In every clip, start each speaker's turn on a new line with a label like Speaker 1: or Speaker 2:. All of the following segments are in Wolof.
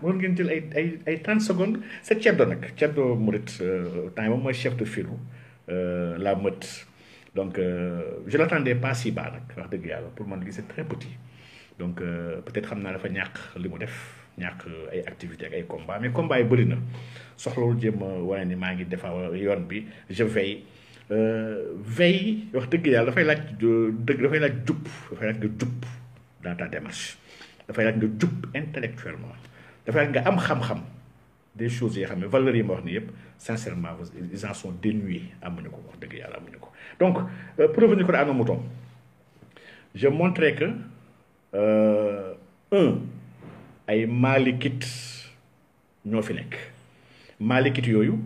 Speaker 1: mënoon ngeen jël ay ay ay trente secondes sa ceddo nag ceddo murit euh, temps yi moom mooy chef de file euh, la meute donc euh, je l'attendais pas si bas nag wax dëgg yàlla pour man li c'est très petit donc peut-être xam naa dafa ñàkk li mu def ñàkk ay activités ak ay combat mais combat yi bëri na soxlawul jéem wane ni maa ngi defa yoon bi je veille veille wax dëgg yàlla dafay laaj dëgg dafay laaj jub dafay laaj nga jub dans ta démarche dafay laaj nga jub intellectuellement dafa nga am xam-xam des choses yi xamé valeur yi ma wax ni yépp sincèrement ils en sont dénués amuñu ko wax dëgg yàlla amuñu ko donc euh, pour revenir à nos moutons je montrais que euh, un ay malikit ñoo fi nekk malikit yooyu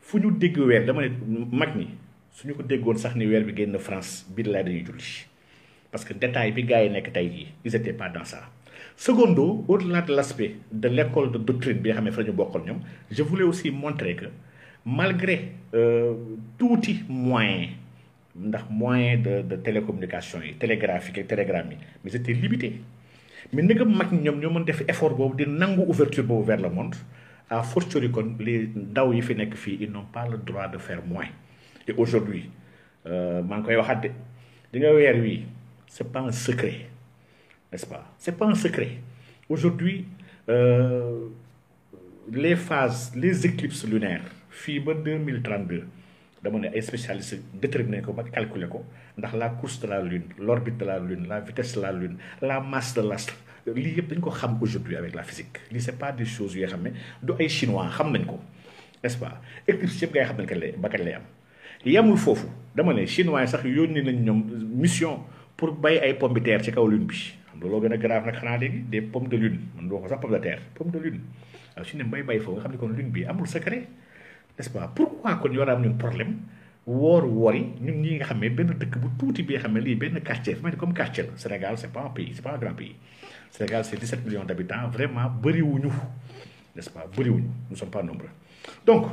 Speaker 1: fu ñu dégg weer dama ne mag ñi suñu ko déggoon sax ni weer bi génn France bi laay dañuy julli parce que détail bi gars yi nekk tey jii ils étaient pas dans ça Secondo, au-delà de l'aspect de l'école de doctrine, je voulais aussi montrer que malgré euh, tout les moyen, moyens de, de télécommunication, télégraphique et télégramme, mais c'était limité. Mais nous avons fait effort une ouverture vers le monde, à fortiori les DAO ils n'ont pas le droit de faire moins. Et aujourd'hui, euh, ce n'est pas un secret n'est-ce pas Ce n'est pas un secret. Aujourd'hui, euh, les phases, les éclipses lunaires, fibre 2032 dama spécialistes déterminent ko calculer ko la course de la lune l'orbite de la lune la vitesse de la lune la masse de l'astre lii yëpp dañ ko xam aujourd'hui avec la physique Ce n'est pas des choses que xam du chinois xam nañ ko n'est-ce pas éclipse yëpp ngay xam nañ kañ lay a am yemul chinois ont sax mission pour bay ay pommes de terre ci kaw lune bi looloo gën a grave nag xanaa léegi des pommes de lune man doo ko sax pomme de terre pomme de lune waaw su ne mbay bay foofu nga xam ne kon lune bi amul secret n'est-ce pas pourquoi kon ñu war a am ñun problème woor woori ñun ñi nga xam ne benn dëkk bu tuuti bi nga xam ne lii benn quartier fi ma ne comme quartier la Sénégal c'est pas un pays c'est pas un grand pays Sénégal c'est 17 millions d'habitants vraiment bëriwuñu n'est-ce pas bëriwuñu nous sommes pas nombreux donc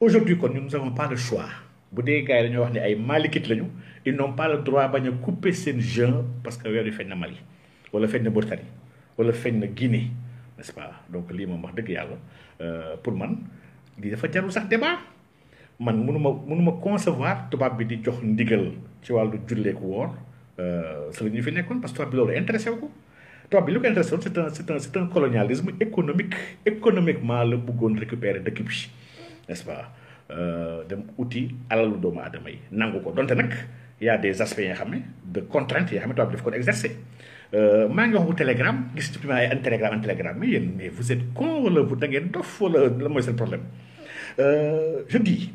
Speaker 1: aujourd'hui kon ñun nous avons pas le choix bu dee gars yi wax ne ay malikit lañu ils n'ont pas le droit bañ a couper seen jeun parce que weer wi feeñ na Mali wala feeñ na Mauritanie wala feeñ na Guinée n'est-ce pas donc lii moom wax dëgg yàlla euh, pour man lii dafa jarul sax débat man mënuma mënuma concevoir tubaab bi di jox ndigal ci wàllu julleeku woon euh, sa la ñu fi nekkoon parce que tubaab bi loolu intéressé wu ko tubaab bi lu ko intéressé woon c'est un c'est un économique économiquement la bëggoon récupérer dëkk bi nest Euh, dem outil alalu doomu aadama yi nangu ko donte nag y' a des aspects yoo xam ne de contrainte yoo xam ne tubaab daf ko exercer euh, maa ngi wax telegram télégramme gis ci ay an télégramme an télégramme mais yéen mais vous êtes con wala vous da ngeen dof wala la mooy seen problème euh, je dis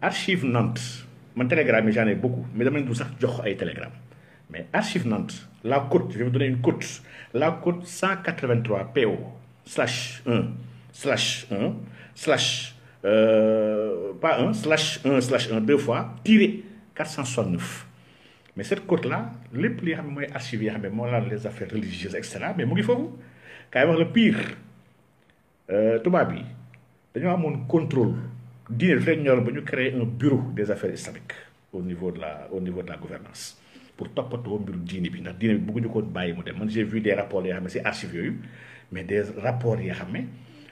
Speaker 1: archive Nantes man télégramme yi j'en ai beaucoup mais dama leen du sax jox ay télégramme mais archive Nantes la côte je vais vous donner une côte la côte 183 PO slash 1 slash 1 slash euh, pas un, slash un, slash un, deux fois, tiré 469. Mais cette côte-là, les plus archivés, les affaires religieuses, etc., mais il faut quand le pire, tout le monde, nous avons un contrôle. Dîner, nous avons un bureau des affaires islamiques au niveau de la, au niveau de la gouvernance. Pour j'ai vu des rapports mais des rapports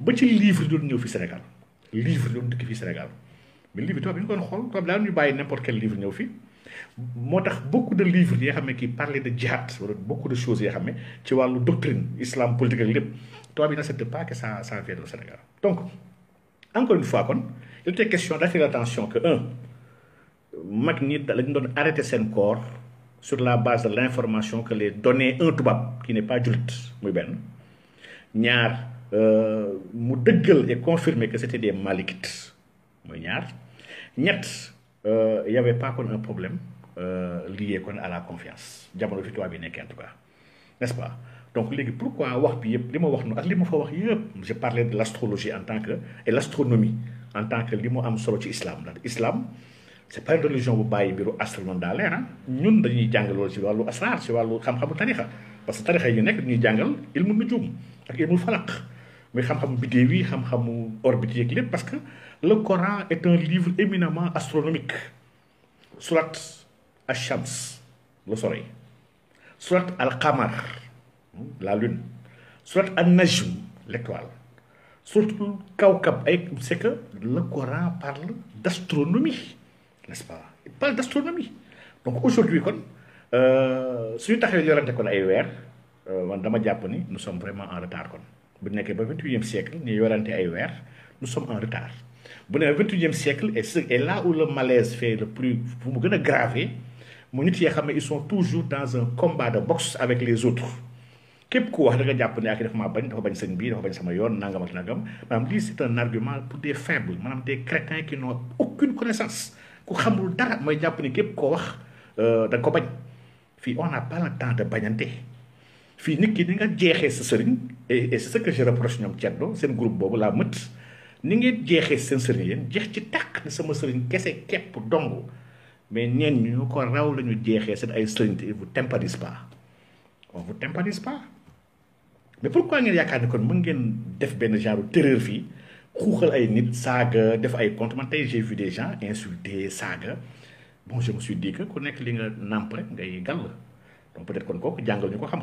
Speaker 1: ba ci livre doon ñëw fi Sénégal livre doon dëkk fi Sénégal mais livre tubaab bi ñu ko doon xool tubaab daan ñu bàyyi n'importe quel livre ñëw fi moo tax beaucoup de livres yi nga xam ne kii parlait de jihad wala beaucoup de choses yi nga xam ne ci wàllu doctrine islam politique ak lépp tubaab yi n'accepte pas que ça ça vienne au Sénégal donc encore une fois kon il était question d'attirer l'attention que un mag ñi lañu doon arrêté seen corps sur la base de l'information que les données un tubaab qui n'est pas jullit muy benn ñaar euh, mu dëggal et confirmer que c'était des malikites mooy ñaar ñett euh, y avait pas kon un problème euh, lié kon à la confiance jamono fi tubaab bi nekkee en tout cas n'est-ce pas donc léegi pourquoi wax bi yëpp li ma wax noonu ak li ma fa wax yëpp j'ai parlé de l'astrologie en tant que et l'astronomie en tant que li mu am solo ci islam ndax islam c'est pas une religion bu bàyyi mbiru astronome daa leer hein. ñun dañuy jàngal loolu ci wàllu asrar ci wàllu xam-xamu tarixa parce que tarixa yi nekk dañuy jàngal ilmu nujum ak ilmu falaq mais xam-xamu biddew wi xam-xamu orbite yeeg lépp parce que le Coran est un livre éminemment astronomique surat Ash-Shams le soleil surat Al-Qamar hmm, la lune surat al najm l'étoile surtout Kawkab ay c'est que le Coran parle d'astronomie n'est-ce pas il parle d'astronomie donc aujourd'hui kon euh, suñu taxawee yorante kon ay weer euh, man dama jàpp ni nous sommes vraiment en retard kon bu nekkee ba vingt e siècle ñu yorante ay weer nous sommes en retard bu ne vingt e siècle et ce et là où le malaise fait le plus vous mu gën a gravé mu nit yi xam ne ils sont toujours dans un combat de boxe avec les autres képp ku wax da nga jàpp ne ak ah, dafa maa bañ dafa bañ sëñ bii dafa bañ sama yoon nangam ak nangam maanaam lii c'est un argument pour des faibles maanaam des crétins qui n'ont aucune connaissance ku xamul dara mooy jàpp ne képp koo wax euh, da nga ko bañ fii on n'a pas le temps de bañante fii nit ki ni nga jeexee sa sëriñ et c'est ce que je reproche ñoom Thierno seen group boobu laa mët ni ngeen jeexee seen sëriñ yéen jeex ci tàkk ne sama sëriñ kese képp dong mais ñeen ñu ko raw lañu ñu jeexee seen ay sëriñ te vous tympanise pas on vous tympanise pas mais pourquoi ngeen yaakaar ni kon mën ngeen def benn genre terreur fii xuuxal ay nit saaga def ay compte man tey j'ai vu des gens insulter saaga bon je me suis dit que ku nekk li nga nàmp rek ngay gàll donc peut kon kooku jàngal ñu ko xam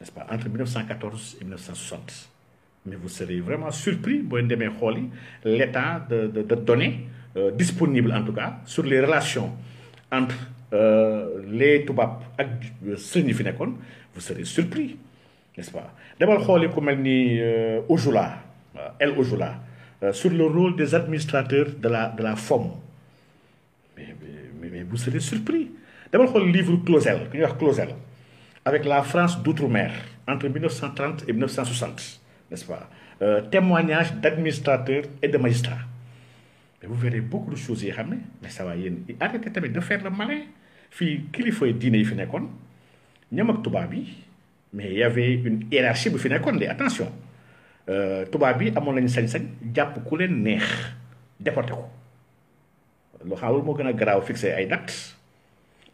Speaker 1: nest pas, entre 1914 et 1960. Mais vous serez vraiment surpris, l'état de, de, de, données euh, disponibles en tout cas sur les relations entre euh, les Toubab et Srini vous serez surpris, n'est-ce pas D'abord, elle euh, Ojula, sur le rôle des administrateurs de la, de la FOM. Mais, mais, vous serez surpris. D'abord, le livre Clausel avec la France d'outre-mer entre 1930 et 1960, n'est-ce pas euh, Témoignages d'administrateurs et de magistrats. Mais vous verrez beaucoup de choses, mais ça va yéen. Arrêtez de faire le malin. Fille, qu'il faut dîner, il ñoom ak tubaab yi mais il y avait une hiérarchie bu fi nekkoon attention euh, tubaab yi amoon lañu sañ-sañ jàpp ku leen neex déporté ko loo xam moo gën a les ay dates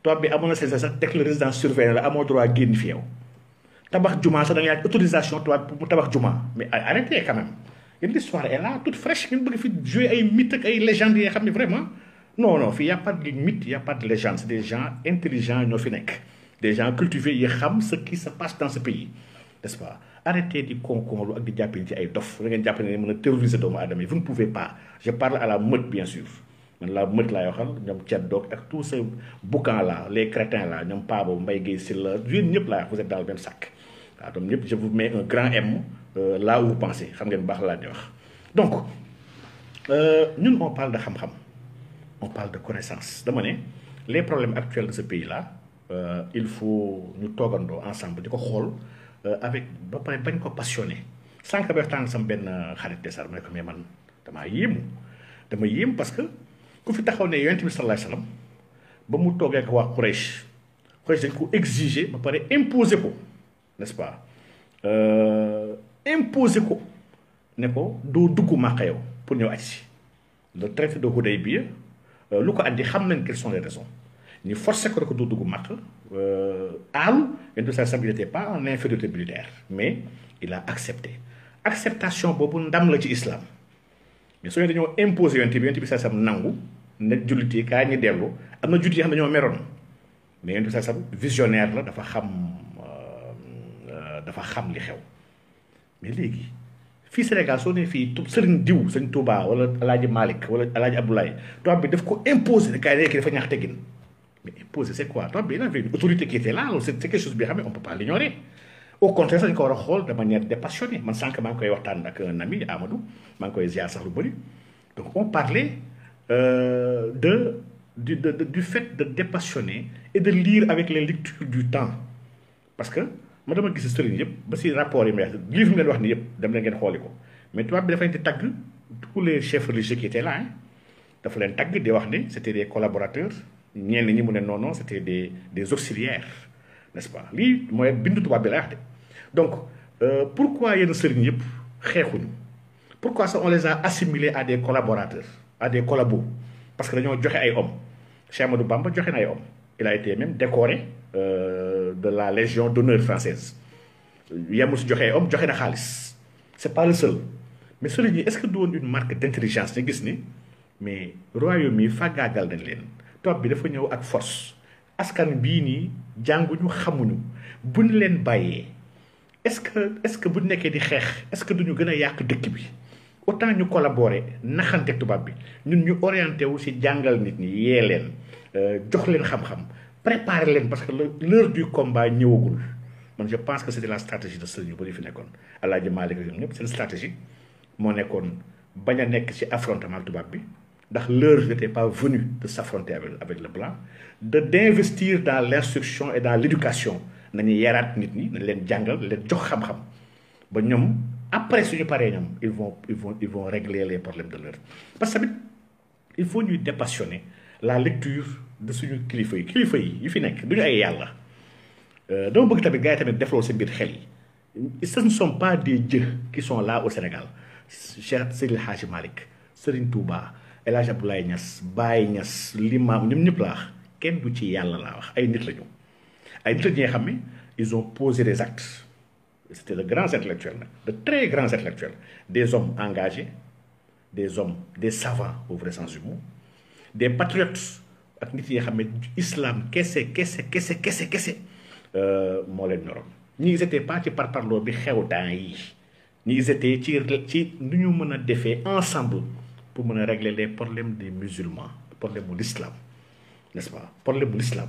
Speaker 1: toi, bi amoon na seen sax teg la surveillant surveillée droit de fi yow tabax juma sax autorisation pour tabakh mais arrêtez quand même une l'histoire est là toute fraîche ñu bëgg fi jouer ay mythes ak ay légendes yi xamni vraiment non non il n'y a pas de mythe n'y a pas de légende c'est des gens intelligents ñoo fi des gens cultivés yi xam ce qui se passe dans ce pays nest ce pas arrêtez de vous ak di jàppale ci ay dof da terroriser doomu vous ne pouvez pas je parle à la mode, bien sûr man la mët laay waxal ñoom Thiat Doog ak tous ces boucans là les crétins là ñom Paa boobu Mbaye Guèye Sylla yéen ñëpp laay vous êtes dans le même sac atom donc je vous mets un grand M euh, là où vous pensez xam ngeen bax la di wax. donc euh, ñun on parle de xam-xam on parle de connaissance dama ne les problèmes actuels de ce pays là euh, il faut ñu toogandoo ensemble di ko xool euh, avec ba pare bañ ko passionné sànq ba waxtaan sama benn xarit desar ma ne ko mais man damaa yéemu dama yéem parce que ku fi taxaw ne yonent bi sallallahu alayhi ba mu toogee ak waa Quraish, Quraish dañ ko exiger ba pare imposer ko n'est-ce pas euh, imposer ko ne ko doo dugg pour ñëw aj si le traité de Hudaybiya euh, lu ko andi xam nañ quelles sont les raisons forcé ko pas mais il a accepté acceptation boobu ndam la ci islam mais su ñu dañoo imposé yonent bi yonent bi saasam nangu ne jullit ka ñi ñu amna am yi xam ne dañoo meroon mais yonent bi saasam visionnaire la dafa xam euh, dafa xam li xew mais légui fi Sénégal soo fi fii serigne diw serigne Touba wala El malik wala El Hadj Abdoulaye tubaab bi daf ko imposé kaay léegi dafa ñax teggin mais imposé c'est quoi tubaab bi il avait autorité qui était là c'est quelque chose bi xam on peut pas l'ignorer au contraire dañ ko war de manière dépassionnée man sank maa koy waxtan ak euh, un ami Amadou maa koy ziar sax lu bëri donc on parlait euh, de du de, de, du fait de dépassionner et de lire avec les lectures du temps parce que ma dama gis sëriñ yeb ba si rapport yi may wax livre mi wax ni yeb dem leen ngeen xooli ko mais tubaab bi da leen di tagg tous les chefs religieux qui étaient là hein dafa leen tag di wax ni c'était des collaborateurs ñen ñi mu ne non non c'était des des auxiliaires n'est-ce pas li moy bindu tubaab bi lay wax de donc euh, pourquoi yenn sëriñ yëpp xeexuñu pourquoi ça on les a assimilés à des collaborateurs à des collabos parce que dañoo joxe ay hommes Cheikh Amadou Bamba joxe na ay hommes il a été même décoré euh, de la Légion d'honneur française yemul a joxe des hommes des na Khalis. c'est pas le seul mais celui est-ce que du une marque d'intelligence ñu gis ni mais royaume yi fàggaagal nañ leen topp bi dafa ñëw ak force askan bii nii jànguñu xamuñu buñ leen bayé est-ce que est-ce que bu nekkee est-ce que duñu dëkk autant ñu collaborer bi ñun ñu orienté wu euh, préparer parce que l'heure du combat ñëwagul man je pense que c'était la stratégie de fi stratégie a nekk ci affrontement bi ndax l'heure n'était pas venue de s'affronter avec le blanc de d'investir dans l'instruction et dans l'éducation nañu yaraat nit ñi nañ leen jàngal leen jox xam-xam ba ñoom après suñu paree ñoom ils vont ils vont ils vont régler les problèmes de l'heure parce que il faut ñuy dépassionner la lecture de suñu kilifa yi kilifa yi yi fi nekk duñu ñu ay yàlla euh, dama bëgg tamit gars yi tamit defloo seen biir xel yi ce ne sont pas des dieux qui sont là au Sénégal Cheikh Seydil Hadji Malick Serigne Touba El Hadj Abdoulaye Niass Baye Niass limaam ñoom ñëpp wax kenn du ci yàlla laa wax ay nit lañu ils ont posé des actes c'était de grands intellectuels de très grands intellectuels des hommes engagés des hommes des savants au vrai sens du mot des patriotes ak l'islam, qu'est-ce, qu'est-ce, qu'est-ce, qu'est-ce, qu'est-ce, euh, moo ce ñoroon ñi ils étaient pas ci le bi xew temps ils étaient ci nous ñu ensemble pour régler les problèmes des musulmans les problèmes de l'islam n'est-ce pas Les problèmes de l'islam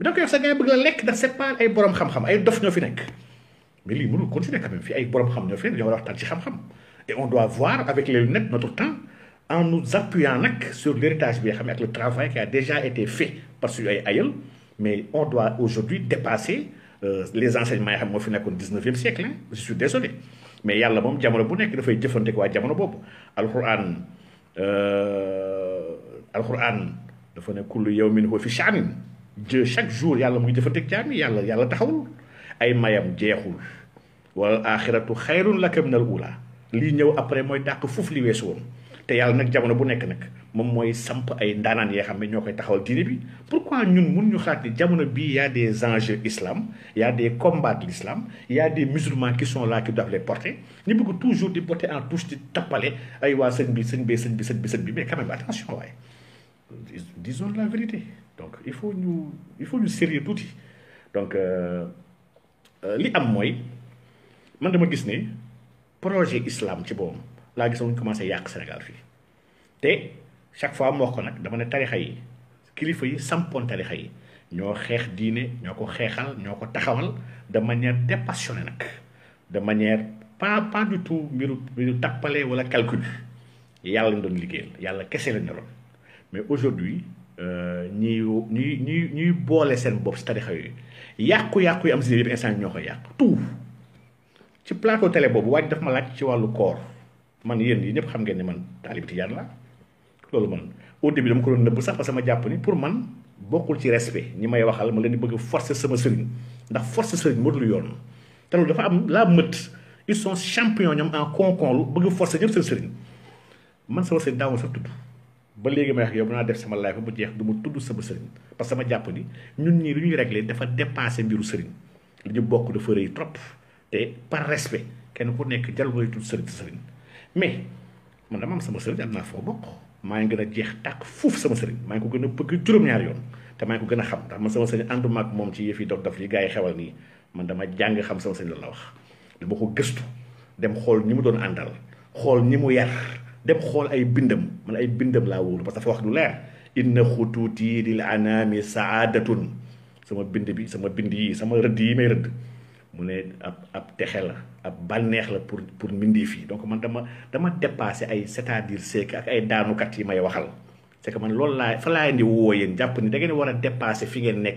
Speaker 1: donc yow sa ngay bëgg la lekk da pas ay borom xam-xam ay dof ñoo fi nekk mais lii mënul continuer quand même fii ay borom xam ñoo fi nekk ñoo waxtaan ci xam-xam et on doit voir avec les lunettes notre temps en nous appuyant nak sur l'héritage bi xam ak le travail qui a déjà été fait par suñu ay ayel mais on doit aujourd'hui dépasser euh, les enseignements yi xam moo fi 19e siècle hein. je suis désolé mais yàlla moom jamono bu nekk dafay jëfante ko waa jamono boobu alquran euh, alquran dafa ne kullu yawmin huwa fi sha'nin de chaque jour yalla mu ngi dafa teg yalla yi yàlla taxawul ay mayam jeexul wala akhiratu xayrun laka min al ula li ñew après moy dàq foofu li weesu won te yalla nak jamono bu nek nak mom moy samp ay ndanan yoo xam ne ñoo koy taxawal diine bi pourquoi ñun mën ñu xat ni jamono bi ya des anges islam ya des combats l'islam ya des musulmans qui sont là qui doivent les porter ni bëgg toujours di porter en touche di tapalé ay waa sëñ bi sëñ bi sëñ bi sëñ bi bi mais quand même attention waaye disons la vérité. Donc, il faut nous il faut nous sérieux tout donc euh, euh, li am mooy man dama gis ne projet islam ci boobam laa gisoon commencé yàq Sénégal fii te chaque fois mu wax ko nag dama ne tarixa yi kilifa yi sampoon tarixa yi ñoo xeex diine ñoo ko xeexal ñoo ko taxawal de manière dépassionnée nak de manière pas pas du tout mbiru mbiru tappale wala calcul yalla ñu liguel yalla kessé la ñoroon mais aujourd'hui euh, ni ni ni ni bolé sen si tarixa yooyu yàqu yakku yi am si yëpp instant ñoko yak tout ci plateau télé bobu waa daf ma laaj ci walu koor man yéen yi ñëpp xam ngeen ni man talib tijaan la lolu man au début dama ko doon neub sax parce que ma jàpp ni pour man bokul ci respect ni may waxal ma leen di bëgg forcer sama sëriñ ndax forcer sëriñ moo dul yoon te loolu dafa am la meut ils sont champions ñom en concon lu bëgg forcer ñëpp seen sëriñ man sama sëriñ daawul sax tudd ba léegi may wax yow naa def sama life ba jeex du ma tudd sama sëriñ parce que ma jàpp ni ñun ñi lu ñuy régler dafa dépassé mbiru sëriñ li ñu bokk dafa rëy trop te par respect kenn ku nekk jal mooy tudd sëriñ sa sëriñ mais man dama am sama sëriñ am naa foo bokk maa ngi gën a jeex tàkk fuuf sama sëriñ maa ngi ko gën a bëgg juróom ñaar yoon te maa ngi ko gën a xam ndax man sama sëriñ ànduma ak moom ci yëf yi dof dof yi gars yi xewal nii man dama jàng xam sama sëriñ la la wax dama ko gëstu dem xool ñi mu doon àndal xool ñi mu yar dem xool ay bindam man ay bindam laa wóolu parce que dafa wax lu leer inna xutuuti lil anaami saadatun sama bind bi sama bind yi sama rëdd yi may rëdd mu ne ab ab texe la ab bànneex la pour pour mbindee fii donc man dama dama dépassé ay c'est-à-dire seek ak ay daanukat yi may waxal c'est que man loolu laa fa laa indi woo yéen jàpp ni da ngeen war a dépassé fi ngeen nekke